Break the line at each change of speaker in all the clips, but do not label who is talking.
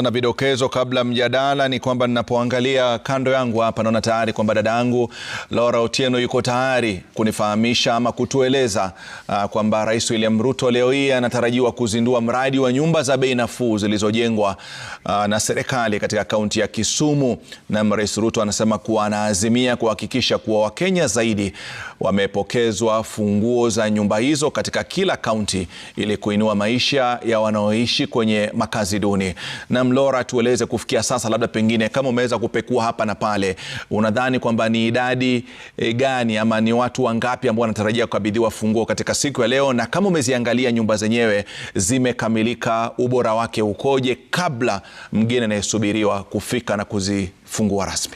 Na vidokezo kabla mjadala ni kwamba ninapoangalia kando yangu hapa naona tayari kwamba dada yangu Laura Otieno yuko tayari kunifahamisha ama kutueleza ah, kwamba Rais William Ruto leo hii anatarajiwa kuzindua mradi wa nyumba za bei nafuu zilizojengwa ah, na serikali katika kaunti ya Kisumu. Na Rais Ruto anasema kuwa anaazimia kuhakikisha kuwa Wakenya zaidi wamepokezwa funguo za nyumba hizo katika kila kaunti ili kuinua maisha ya wanaoishi kwenye makazi duni na Naam, Laura, tueleze kufikia sasa, labda pengine kama umeweza kupekua hapa na pale, unadhani kwamba ni idadi e, gani ama ni watu wangapi ambao wanatarajia kukabidhiwa funguo katika siku ya leo, na kama umeziangalia nyumba zenyewe zimekamilika, ubora wake ukoje kabla mgeni anayesubiriwa kufika na kuzifungua rasmi?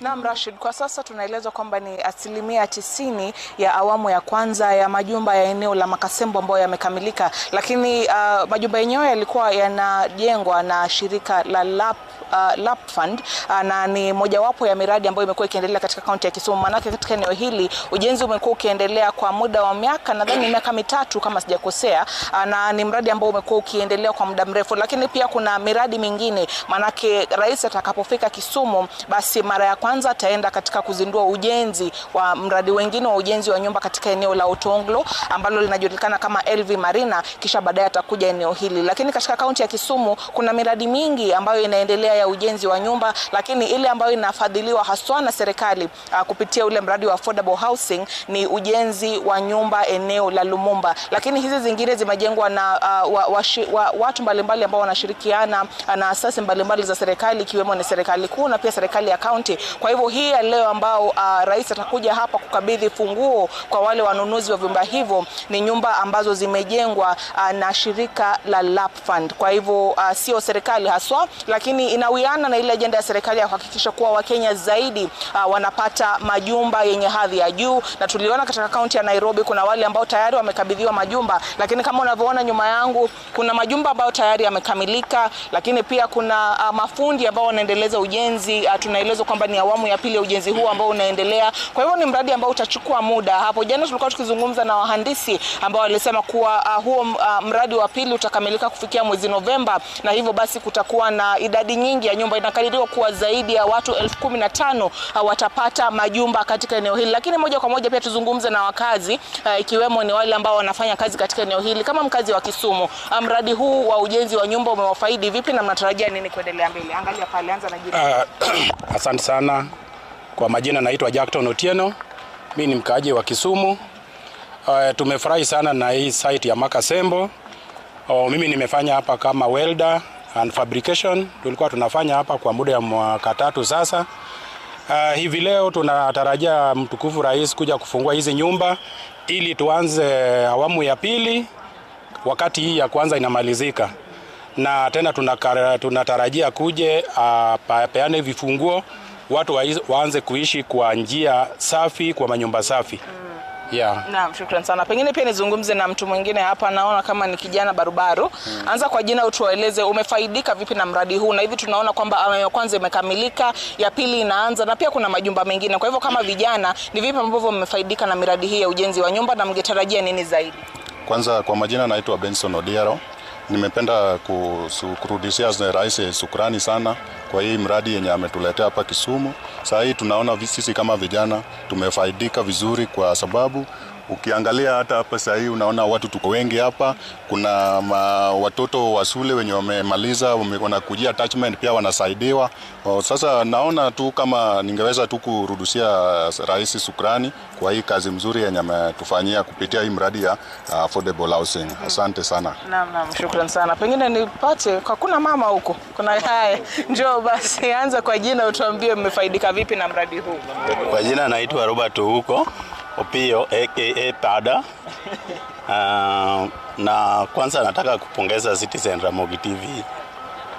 Naam, Rashid, kwa sasa tunaelezwa kwamba ni asilimia tisini ya awamu ya kwanza ya majumba ya eneo la Makasembo ambayo yamekamilika, lakini uh, majumba yenyewe yalikuwa yanajengwa na shirika la LAP uh, lap fund uh, na ni mojawapo ya miradi ambayo imekuwa ikiendelea katika kaunti ya Kisumu. Maanake katika eneo hili ujenzi umekuwa ukiendelea kwa muda wa miaka nadhani miaka mitatu kama sijakosea, uh, na ni mradi ambao umekuwa ukiendelea kwa muda mrefu, lakini pia kuna miradi mingine, maanake rais atakapofika Kisumu, basi mara ya kwanza ataenda katika kuzindua ujenzi wa mradi wengine wa ujenzi wa nyumba katika eneo la Otonglo ambalo linajulikana kama LV Marina, kisha baadaye atakuja eneo hili. Lakini katika kaunti ya Kisumu kuna miradi mingi ambayo inaendelea ya ujenzi wa nyumba, lakini ile ambayo inafadhiliwa haswa na serikali ah, kupitia ule mradi wa affordable housing ni ujenzi wa nyumba eneo la Lumumba, lakini hizi zingine zimejengwa na uh, wa, wa, wa, watu mbalimbali ambao wanashirikiana ah, na asasi mbalimbali za serikali ikiwemo ni serikali kuu na pia serikali ya kaunti. Kwa hivyo hii ya leo ambao uh, rais atakuja hapa kukabidhi funguo kwa wale wanunuzi wa vyumba hivyo ni nyumba ambazo zimejengwa uh, na shirika la LAP Fund. Kwa hivyo uh, sio serikali haswa, lakini ina inawiana na ile ajenda ya serikali ya kuhakikisha kuwa Wakenya zaidi uh, wanapata majumba yenye hadhi ya juu, na tuliona katika kaunti ya Nairobi kuna wale ambao tayari wamekabidhiwa majumba, lakini kama unavyoona nyuma yangu kuna majumba ambayo tayari yamekamilika, lakini pia kuna uh, mafundi ambao wanaendeleza ujenzi uh, tunaelezwa kwamba ni awamu ya pili ya ujenzi huu ambao unaendelea. Kwa hivyo ni mradi ambao utachukua muda. Hapo jana tulikuwa tukizungumza na wahandisi ambao walisema kuwa uh, huo uh, mradi wa pili utakamilika kufikia mwezi Novemba, na hivyo basi kutakuwa na idadi nyingi mingi ya nyumba, inakadiriwa kuwa zaidi ya watu elfu kumi na tano uh, watapata majumba katika eneo hili. Lakini moja kwa moja pia tuzungumze na wakazi uh, ikiwemo ni wale ambao wanafanya kazi katika eneo hili. Kama mkazi wa Kisumu, uh, mradi huu wa ujenzi wa nyumba umewafaidi vipi na mnatarajia nini kuendelea mbele? Angalia pale, anza na
jina. Uh, asante sana kwa majina, naitwa Jackton Otieno, mi ni mkaaji wa Kisumu. Uh, tumefurahi sana na hii site ya Makasembo. Uh, mimi nimefanya hapa kama welder and fabrication tulikuwa tunafanya hapa kwa muda ya mwaka tatu sasa. Uh, hivi leo tunatarajia mtukufu rais kuja kufungua hizi nyumba ili tuanze awamu ya pili wakati hii ya kwanza inamalizika, na tena tunatarajia kuje apeane ah, uh, vifunguo watu waanze kuishi kwa njia safi, kwa manyumba safi.
Yeah. Naam, shukran sana. Pengine pia nizungumze na mtu mwingine hapa, naona kama ni kijana barubaru. Hmm. Anza kwa jina, utueleze umefaidika vipi na mradi huu, na hivi tunaona kwamba awamu uh, ya kwanza imekamilika, ya pili inaanza na pia kuna majumba mengine. Kwa hivyo kama vijana, ni vipi ambavyo mmefaidika na miradi hii ya ujenzi wa nyumba na mngetarajia nini zaidi?
Kwanza kwa majina, naitwa Benson Odiero Nimependa kurudishia Rais shukrani sana kwa hii mradi yenye ametuletea hapa Kisumu. Saa hii tunaona sisi kama vijana tumefaidika vizuri kwa sababu Ukiangalia hata hapa sasa hii unaona watu tuko wengi hapa. Kuna ma, watoto wa shule wenye wamemaliza wanakujia attachment pia wanasaidiwa. Sasa naona tu kama ningeweza tu kurudushia uh, Rais shukrani kwa hii kazi mzuri yenye ametufanyia kupitia hii mradi ya uh, affordable housing. Asante sana.
Naam, naam, shukrani sana. Pengine nipate kwa kuna mama huko. Kuna haya. Njoo basi anza kwa jina utuambie mmefaidika vipi na mradi huu.
Kwa jina naitwa Robert huko opio aka Pada. Uh, na kwanza nataka kupongeza Citizen Ramogi TV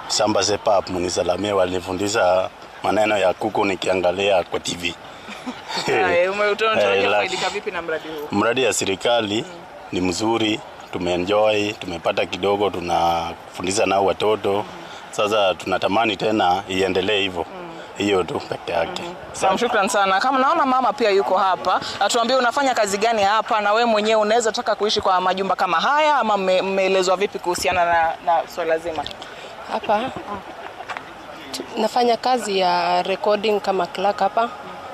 Samba Sepap munisalamie, walifundisha maneno ya kuku nikiangalia kwa TV. Eh, mradi ya serikali mm, ni mzuri, tumeenjoy, tumepata kidogo, tunafundisha nao watoto mm. Sasa tunatamani tena iendelee hivyo mm hiyo tu peke yake. Mm-hmm.
Sawa, shukrani sana. Kama naona mama pia yuko hapa, atuambie unafanya kazi gani hapa na wewe mwenyewe unaweza taka kuishi kwa majumba kama haya ama mmeelezwa vipi kuhusiana na, na swala zima
hapa? Nafanya kazi ya recording kama clerk hapa.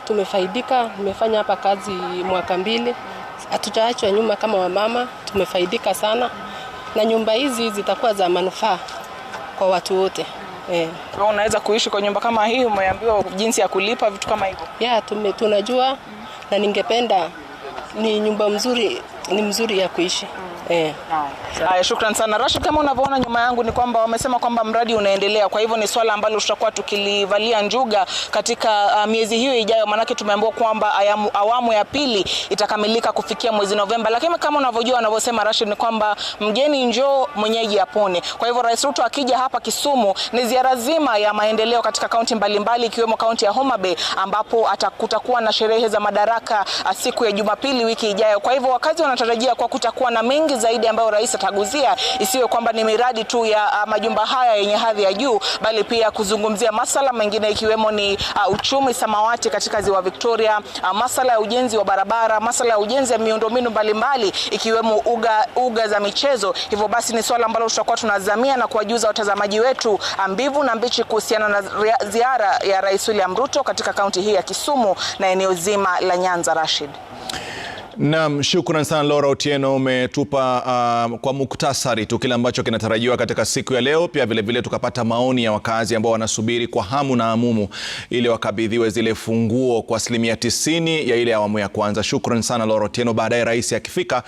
Tumefaidika, nimefanya hapa kazi mwaka mbili, hatujaachwa nyuma kama wamama, tumefaidika sana na nyumba hizi zitakuwa za manufaa kwa watu wote.
Eh. Kwa unaweza kuishi kwa nyumba kama hii, umeambiwa jinsi ya kulipa vitu kama hivyo?
Yeah, tume, tunajua mm. na ningependa ni nyumba mzuri, ni mzuri ya kuishi mm. Eh.
shukran sana Rashid. Kama unavyoona nyuma yangu ni kwamba wamesema kwamba mradi unaendelea, kwa hivyo ni swala ambalo tutakuwa tukilivalia njuga katika uh, miezi hiyo ijayo, maanake tumeambiwa kwamba awamu ya pili itakamilika kufikia mwezi Novemba, lakini kama unavyojua anavyosema Rashid ni kwamba mgeni njoo mwenyeji apone. Kwa hivyo Rais Ruto akija hapa Kisumu ni ziara zima ya maendeleo katika kaunti mbalimbali ikiwemo kaunti ya Homa Bay ambapo atakutakuwa na sherehe za madaraka uh, siku ya Jumapili wiki ijayo. Kwa hivyo wakazi wanatarajia kwa kutakuwa na mengi mingi zaidi ambayo rais ataguzia, isiwe kwamba ni miradi tu ya uh, majumba haya yenye hadhi ya juu, bali pia kuzungumzia masala mengine ikiwemo ni uh, uchumi samawati katika ziwa Victoria, uh, masala ya ujenzi wa barabara, masala ya ujenzi ya miundombinu mbalimbali ikiwemo uga, uga za michezo. Hivyo basi ni swala ambalo tutakuwa tunazamia na kuwajuza watazamaji wetu uh, mbivu na mbichi kuhusiana na ziara ya Rais William Ruto katika kaunti hii ya Kisumu na eneo zima la Nyanza. Rashid.
Naam, shukran sana Laura Otieno, umetupa uh, kwa muktasari tu kile ambacho kinatarajiwa katika siku ya leo. Pia vilevile vile tukapata maoni ya wakazi ambao wanasubiri kwa hamu na hamumu ili wakabidhiwe zile funguo kwa asilimia tisini ya ile awamu ya kwanza. Shukran sana Laura Otieno, baadaye rais akifika